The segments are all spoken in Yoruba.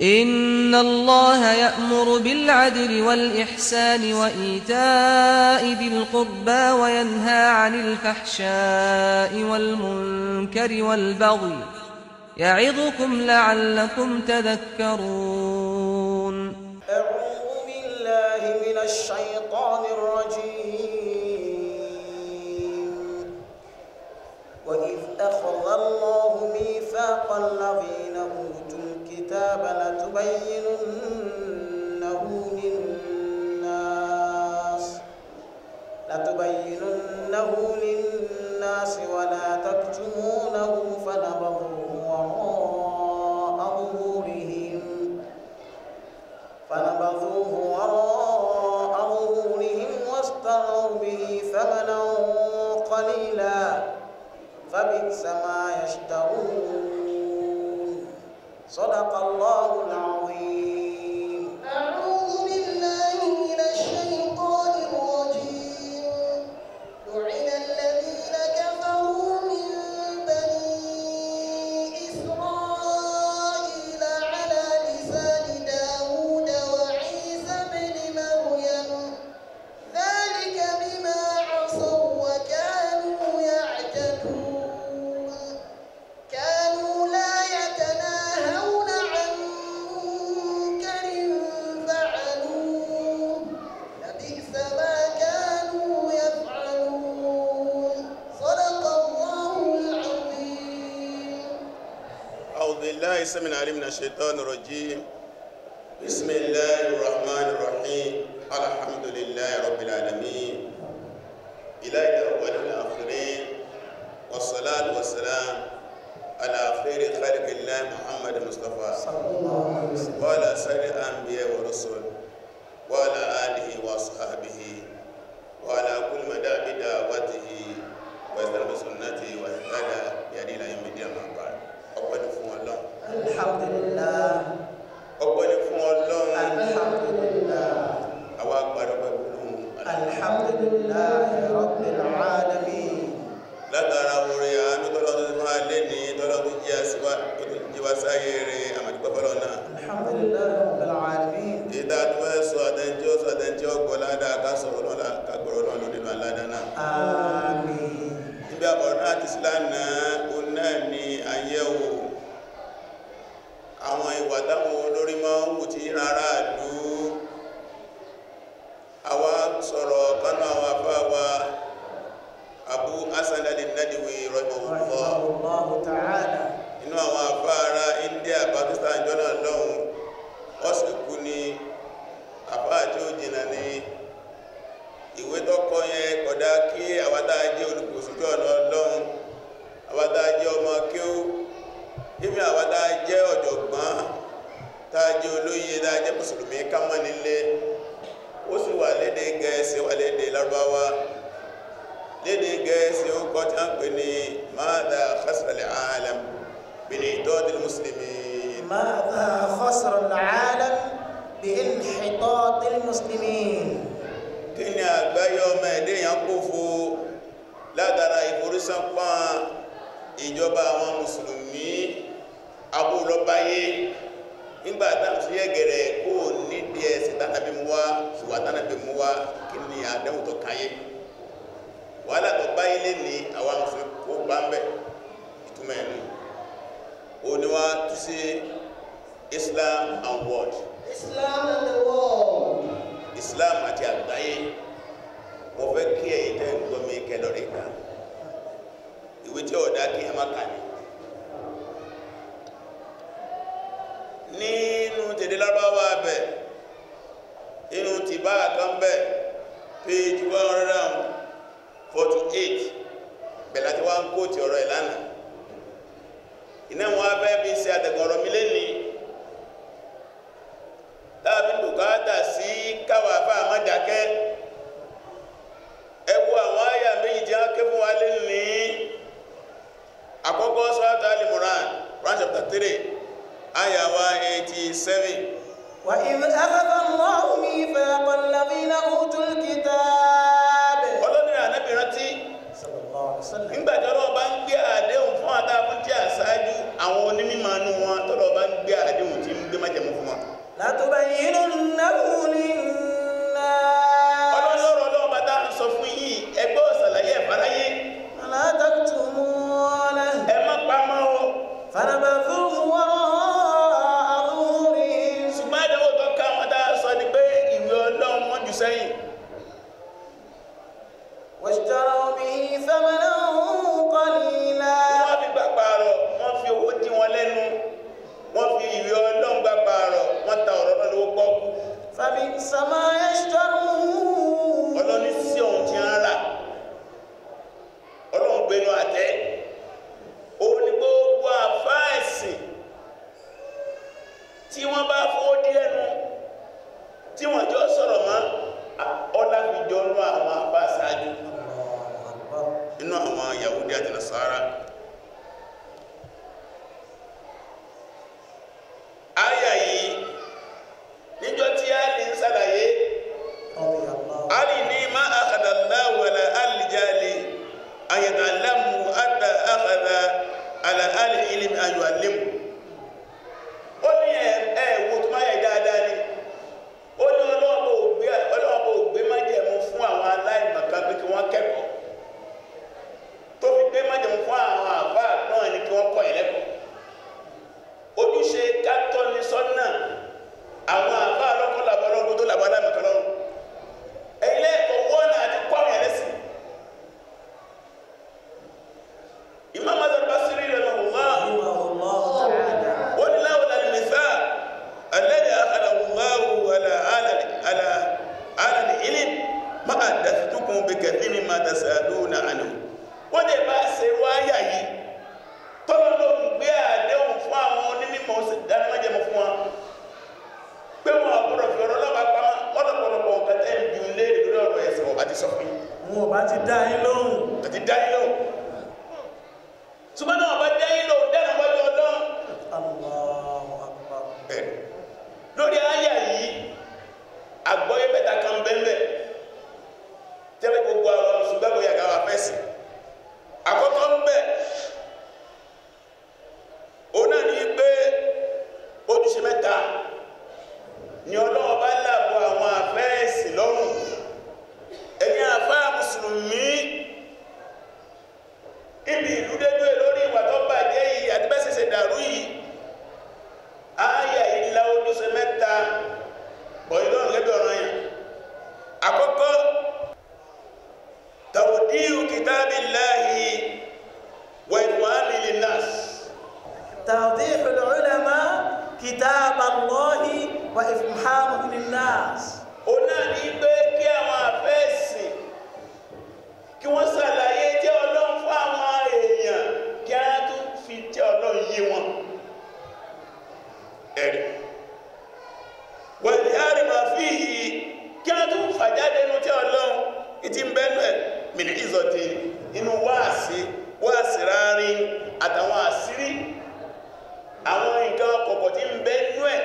إن الله يأمر بالعدل والإحسان وإيتاء ذي القربى وينهى عن الفحشاء والمنكر والبغي يعظكم لعلكم تذكرون أعوذ بالله من الشيطان الرجيم وإذ أخذ الله ميثاق الذين الكتاب لتبيننه للناس لتبيننه للناس ولا تكتمونه فنبروه وراء ظهورهم فنبذوه وراء ظهورهم واشتروا به ثمنا قليلا فبئس ما يشترون صدق الله بالله من الشيطان الرجيم بسم الله الرحمن الرحيم الحمد لله رب العالمين إله الأول والآخرين والصلاة والسلام على خير خلق الله محمد مصطفى وعلى سائر الأنبياء والرسل وعلى آله وأصحابه وعلى كل مدى بدعوته واستنى بسنته واهتدى بهدي إلى يوم الدين alhamdulillah rabbil alamin látara orí àánú tọ́lọ́ tó máa lé ní tọ́lọ́ tó jẹ́ àṣíwá tó tó jẹ́ wá sáyé rẹ̀ alhamdulillah rabbil alamin ìdá tó fẹ́ sọ àtẹ́ntí ó sọ àtẹ́ntí ọgbọ̀ ládàá ká sọ̀rọ̀ náà kàgbọ̀rọ̀ náà ló nínú aládàá náà àmín níbi àbọ̀rọ̀ náà ti sí lánàá ó àwọn ìwà táwọn olórí máa ń wù tí rárá àdúró sọ̀rọ̀ kánú àwọn afá wa abu hasan al-nadwi rahimahullah ta'ala inú àwọn afá ara india pakistan jọ́nà lọ́hun ọ́sìnkú ni afá tí ó jìnà ní ìwé tọ́kọ́ yẹn kódà kí àwátá gẹ̀ẹ́sì ó kọ́ tí a ń pè ní mada khasrali alam bin itodil muslimin mada khasrali alam bin itodil muslimin kí ni àgbáyé ọmọ ẹ̀dẹ́ yàn kó fó látara ìforísánpá ìjọba àwọn mùsùlùmí abúlọ́báyé nígbà táwọn sí ẹgẹ̀rẹ̀ kó nídìí ẹ̀sìn tánàbí mú wá ṣùgbọ́n tánàbí mú wá kí ni àdéhùn káyé wàhálà tó ilé awa àwọn àmùsùn kó bá ń bẹ̀ ìtumọ̀ Islam and world Islam and the world Islam àti àgbáyé mo fẹ́ kí ẹ̀yin tẹ́ ń gbọ́ mi kẹlọ́rì e kan ìwé tí ọ̀dà kí ẹ má kà ní. nínú kan page one hundred 48 bẹ̀rẹ̀ láti wá ń kóòtì ọ̀rọ̀ ẹ̀ iná wọn abẹ́ bí ṣe àtẹ̀gùn mi lẹ́ni láàbí bùkátà sí káwà bá àmájákẹ́ ẹ àwọn àyà méjì tí ké fún wa lé ní àkọ́kọ́ sọ́tà Al-Imran chapter 3 àyà wa 87 nígbàtí ọlọ́wọ́ bá ń gbé àdéhùn fún àtàkùn tí àṣáájú àwọn onímọ̀ wọn tọ́lọ́ bá ń gbé àdéhùn tí ń gbé májẹ̀mú fún wọn. látọ̀bà yìí ló ń náwó ní summer. bá ti dá yín lóhùn. àti dá yín lóhùn. لله وإخوان للناس توضيح العلماء كتاب الله وإفهامه للناس هنا náà nínú wáàsí wáàsí rárín àtàwọn àṣírí àwọn nǹkan kọ̀kọ̀ tí ń bẹ nú ẹ̀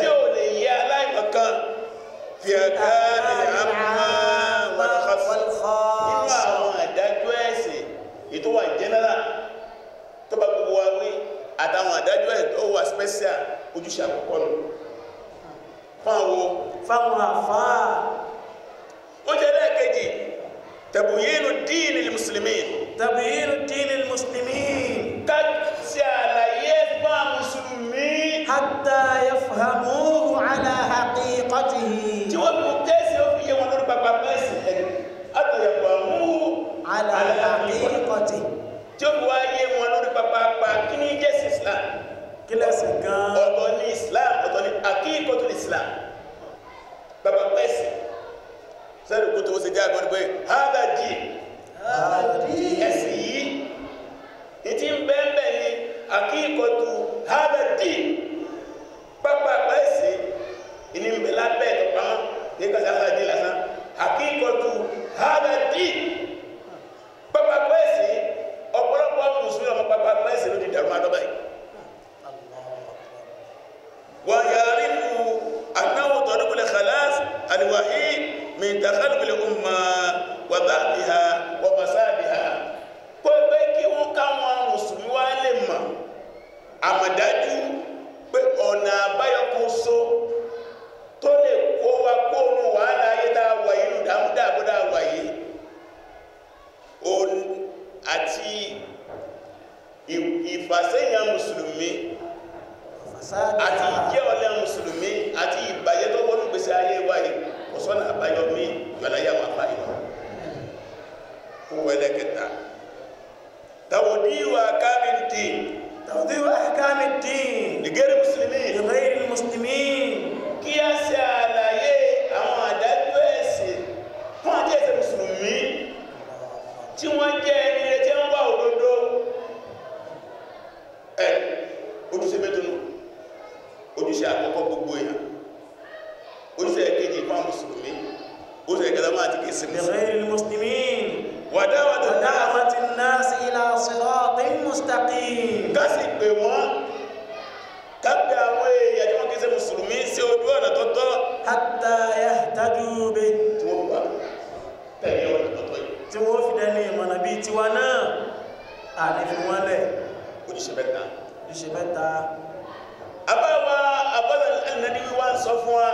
tí ó lè yẹ aláìmọ̀kan fi ẹ̀ka ìhàmà wàlúkọ́sí nínú àwọn àdájọ́ ẹ̀sìn ètò wà special ojúṣe àkọ́kọ́ nù fáwọn fáwọn àfáà تبيين الدين للمسلمين تبيين الدين للمسلمين قد سال يفهم مسلمين حتى يفهموه على حقيقته جواب متسع في يوم بابا حتى يفهموه على, على حقيقته جواب وايه ونور بابا كني جس اسلام kílẹ̀sì gan-an ọ̀tọ̀ ní islam ọ̀tọ̀ بابا akíkọ̀tún sẹ́ni kútu ó sì jẹ́ àgbọ̀n pé hádà díì hádà díì. ìfàsẹ́yìn mùsùlùmí àti ìjẹ́ ọ̀lẹ mùsùlùmí àti ìbàjẹ́ tó wọ́n gbèsè ayé wa yìí kò sọ́nà àbáyọ mí yọ̀láyà wọn àbáyọ owó ẹlẹ́kẹta tàwọ̀díwà kámìntì tàwọ̀díwà kámìntì lìgẹ́rì mùsùlùmí lìgẹ́rì mùsùlùmí kí a ṣe àlàyé àwọn àdájọ́ ẹ̀sìn fún àjẹ́ ẹ̀sìn mùsùlùmí tí wọ́n jẹ́ ẹni hatta yahtaju bi tí wọ́n bá tẹ̀lé ọ̀nà tọ́tọ́ yìí tí wọ́n fi dẹni ìmọ̀nà bíi tiwa náà àlefi wọn lẹ̀ ojúṣe mẹ́ta ojúṣe mẹ́ta abáwa abọ́lá ẹnìyàn ni wọ́n sọ fún wa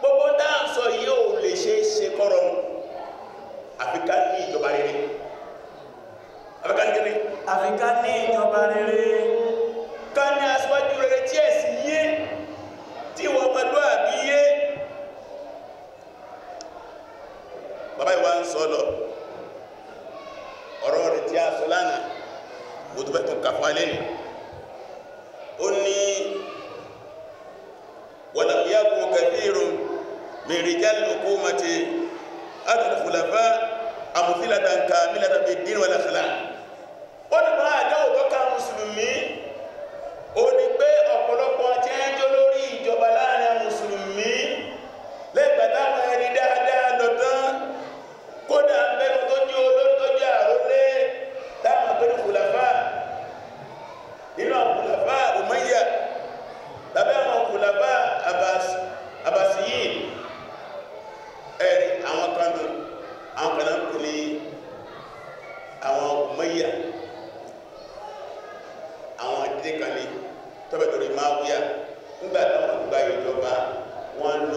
gbogbo dáhùnsọ yìí ò lè ṣe é ṣe kọ́rọ̀ àfikà ní ìjọba rere àfikà ní ìjọba rere ká ní aṣíwájú rere tí ẹ̀sìn tí ìwọ ọmọlúwàbí yé bàbá ìwà ń sọ lọ ọ̀rọ̀ rẹ̀ tí a sọ lánàá mo tó fẹ́ tún kà fún alẹ́ nìí ó ní wàlàmíyàkùn kàfíìrùn mìrìjálùkú mati adùnfùlàfà àmùfílàdànkà mílàdàbí dín wàlàkàlà ó ní bá àjọ́ òtọ́ka mùsùlùmí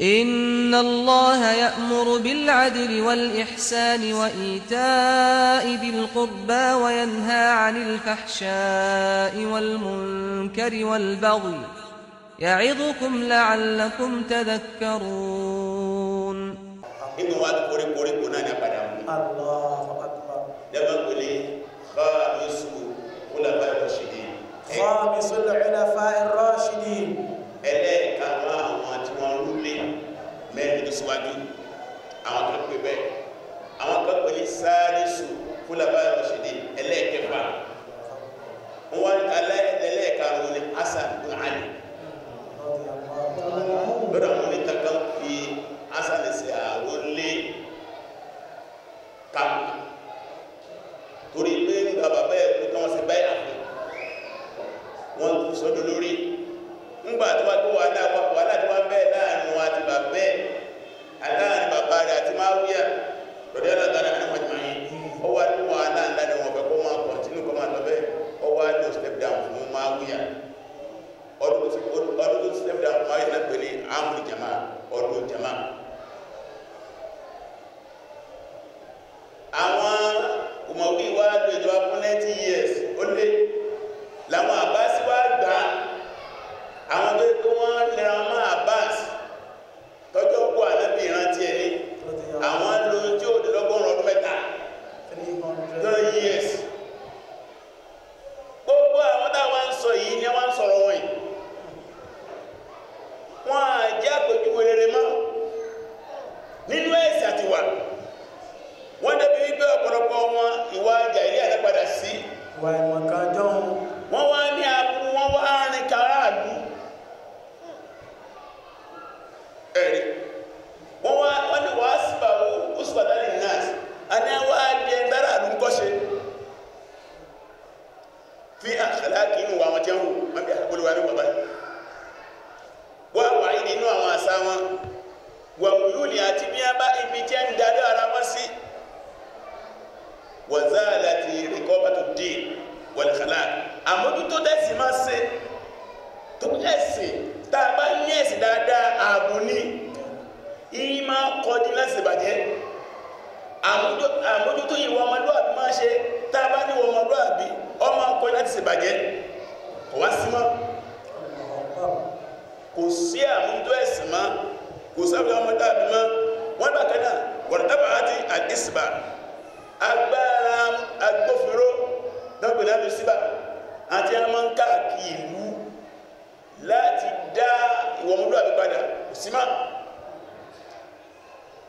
إن الله يأمر بالعدل والإحسان وإيتاء ذي القربى وينهى عن الفحشاء والمنكر والبغي يعظكم لعلكم تذكرون inú wa kórè kórè kó náà ní apàdà mú. dẹ́gbẹ́ pèlè khamisu khulafa ar-rashidin. khamisu khulafa ar-rashidin. ẹlẹ́ẹ̀kanú àwọn tí wọ́n rúlé mẹ́rin tó síwájú àwọn tó pè bẹ́ẹ̀ àwọn kan pèlè sáàlísù khulafa ar-rashidin ẹlẹ́ẹ̀kẹfà wọn ẹlẹ́ẹ̀kanú ni hasan bin ali lọ́dọ̀ àwọn oníkankan fi asalese àwọn lé kàmù torí pé nígbà bàbá ẹ̀ kú tán ṣe báyà fún wọn sọdọ lórí ńgbà tí wọn tó wàhálà wọn wàhálà tí wọn bẹ́ẹ̀ láàrin wọn àti bàbá ẹ̀ àmójútó tẹ̀sí máa ṣe tó ẹ̀sìn tá a bá ní ẹ̀sìn dáadáa ààbò ní ìyí máa kọjú láti ṣèbàjẹ́ àmójútó ìwà ọmọlúwàbí máa ṣe tá a bá ní ìwà ọmọlúwàbí ọmọ akọjú láti ṣèbàjẹ́ kò wá sí mọ́ kò sí àmójútó ẹ̀sìn mọ́ kò sábà ọmọlúwàbí mọ́ wọ́n bá kẹ́nà wọ́n dábà àti àdìsíbà agbára agbófinró dábìlá lọ síbà àti ẹnìmọ̀ ń káàkiri ìlú láti dá ìwọ̀múlúwàbí padà kò sí má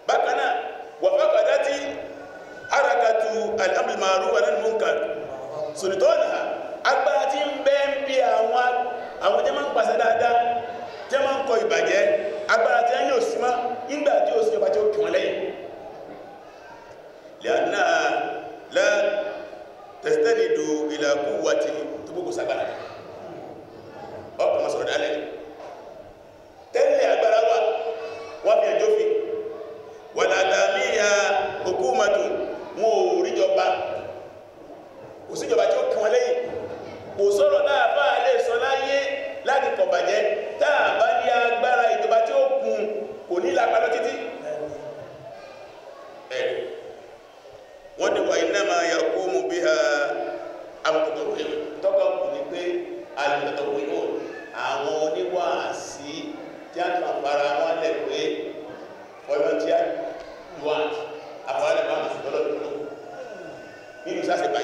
bákan náà wàfàkàdá tí arakatu al-amr bil-ma'ruf wa nahy anil munkar sultana agbára tí ń bẹ́ẹ̀ bí àwọn agbára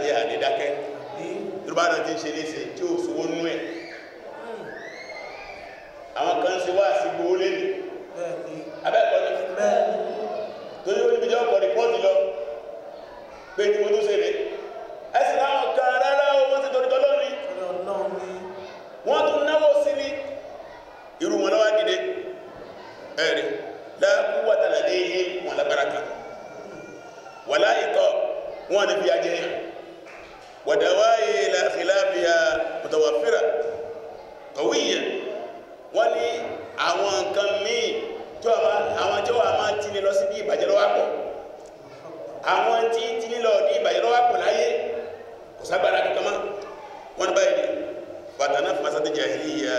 ayé ànídákẹ́ yorùbá náà ti ń ṣe léṣe tí ó sowó nú ẹ̀ àwọn kan ń ṣe wá sí gbowó lẹ́nu ìbàjẹ́ lọ́wọ́ pọ̀ àwọn tí ti lílọ ní ìbàjẹ́ lọ́wọ́ pọ̀ láyé kò sábàrà kankan mọ́ wọn báyìí ni bàtànà fàṣàtì jahiliya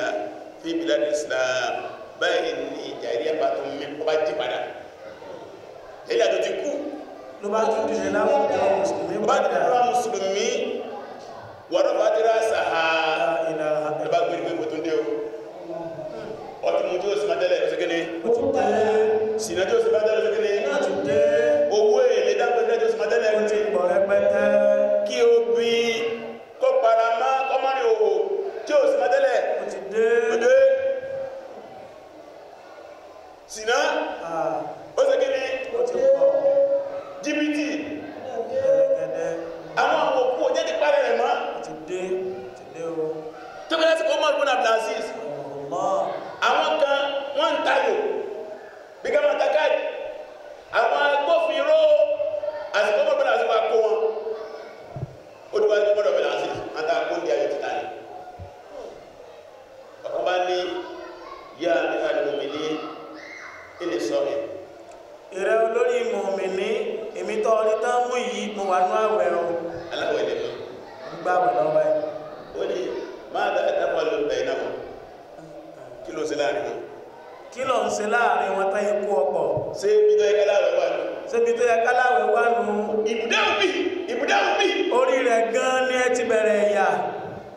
fi bilad islam báyìí ni jahiliya bàtà mi kọ́ bá jí padà èyí àti ti kú ló bá tún dìde láwùjọ mùsùlùmí bá dìde láwùjọ mùsùlùmí wọ́n bá dìde sàhà ló bá gbèrè gbèrè tó ń dé o ọtí mu tí o sì máa tẹ́lẹ̀ ọ̀sẹ̀ kẹ́ni sinadí o sì máa tẹ́lẹ̀ today.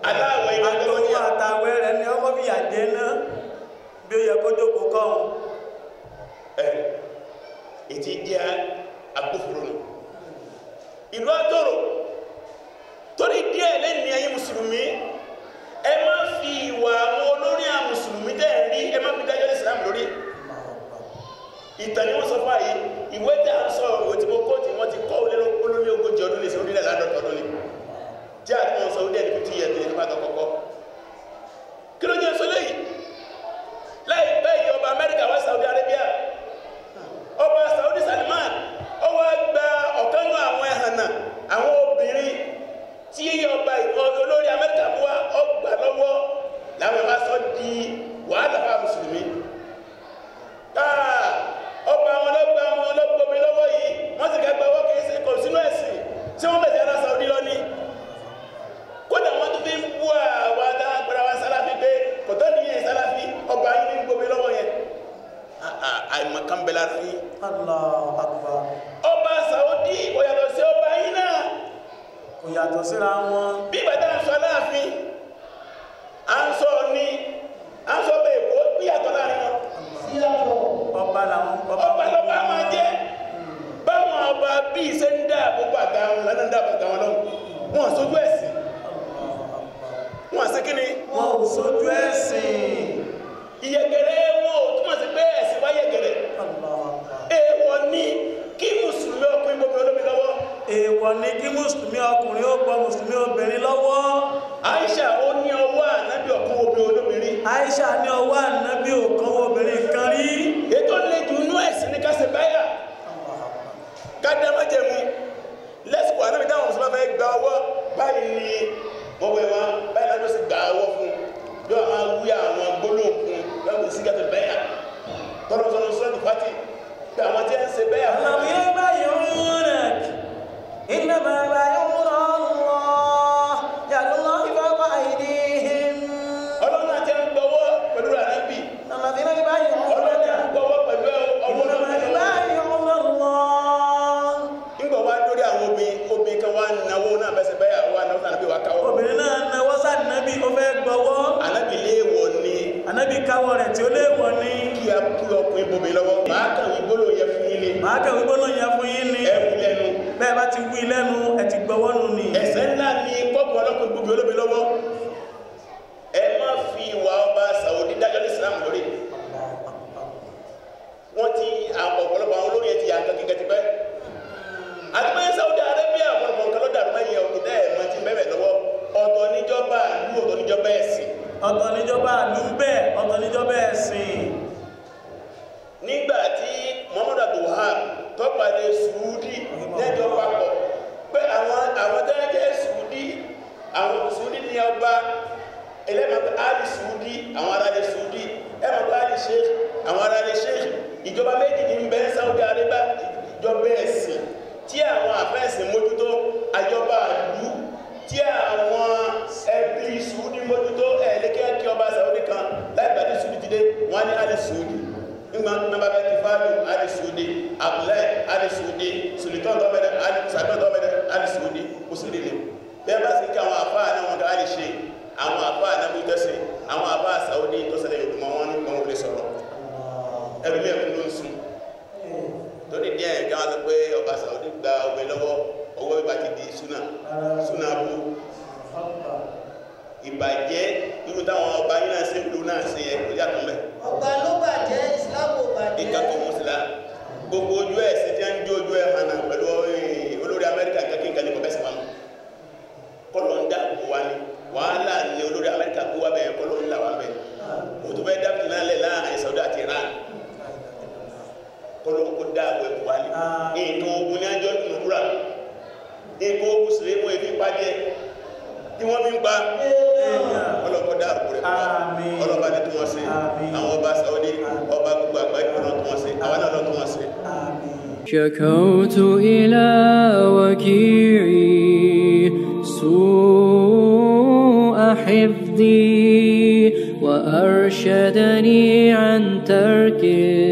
aláwọ̀ ìgbà tó ní àtàwẹ̀ rẹ̀ ni ọmọ bí àjẹ́ náà bí ó yẹ kó jókòó kọ́hún. ẹ ètí jẹ́ agbófinró ni ìlú àtòrò torí díẹ̀ lẹ́nu ẹ̀yin mùsùlùmí ẹ má fi ìwà àwọn olórí àwọn mùsùlùmí tẹ́ ẹ rí ẹ má fi dájọ́ ìsìlámù lórí ìtàn ni wọ́n sọ fún àyè ìwé tẹ́ à ń sọ òwe tí mo kó tí wọ́n ti kọ́ olórí ogójì ọdún lè ṣe orílẹ̀ ládọ́tọ̀ ọdún lè jẹ́ àdúgbò sọ ó dẹ̀ ní fifty years ní ìjọba àgbàkọ́kọ́ kí ló jẹ́ sọ léyìí láìpẹ́ yìí ọba amẹ́ríkà wá saudi arabia ọba saudi salman ó wá gba ọ̀kan náà àwọn ẹ̀hànà àwọn obìnrin tí ọba olórí amẹ́ríkà mú wá ọgbà lọ́wọ́ làwọn bá sọ di wàhálà fáwọn mùsùlùmí. àìmọ̀kan bẹ̀ lára yín. ọba Saudi kò yàtọ̀ sí ọba yín náà. kò yàtọ̀ síra wọn. bí bàtà ń sọ láàfin à ń sọ ní à ń sọ bẹ́ẹ̀ kó bí yàtọ̀ láàrin wọn. ọba làwọn ọba lọ́ba máa jẹ́ báwọn ọba bíi ṣe ń dáàbò bàtà wọn lọ́nà dáàbò bàtà wọn lọ́wọ́ wọn sójú ẹ̀sìn. ẹ̀rùmí ẹ̀kún ló ń sun tó ní díẹ̀ ẹ̀gá wọn sọ pé ọba Saudi gba ọbẹ̀ lọ́wọ́ ọwọ́ ìbá ti di súnà súnà bú ìbàjẹ́ irú táwọn ọba yìí náà ṣe ń lu náà ṣe yẹ kó yàtọ̀ mẹ́. ọba ló bàjẹ́ ìsìlámù bàjẹ́. ìkàkọ̀ mùsùlá gbogbo ojú ẹ̀ شكوت إلى وكيعي سوء حفظي وأرشدني عن تركه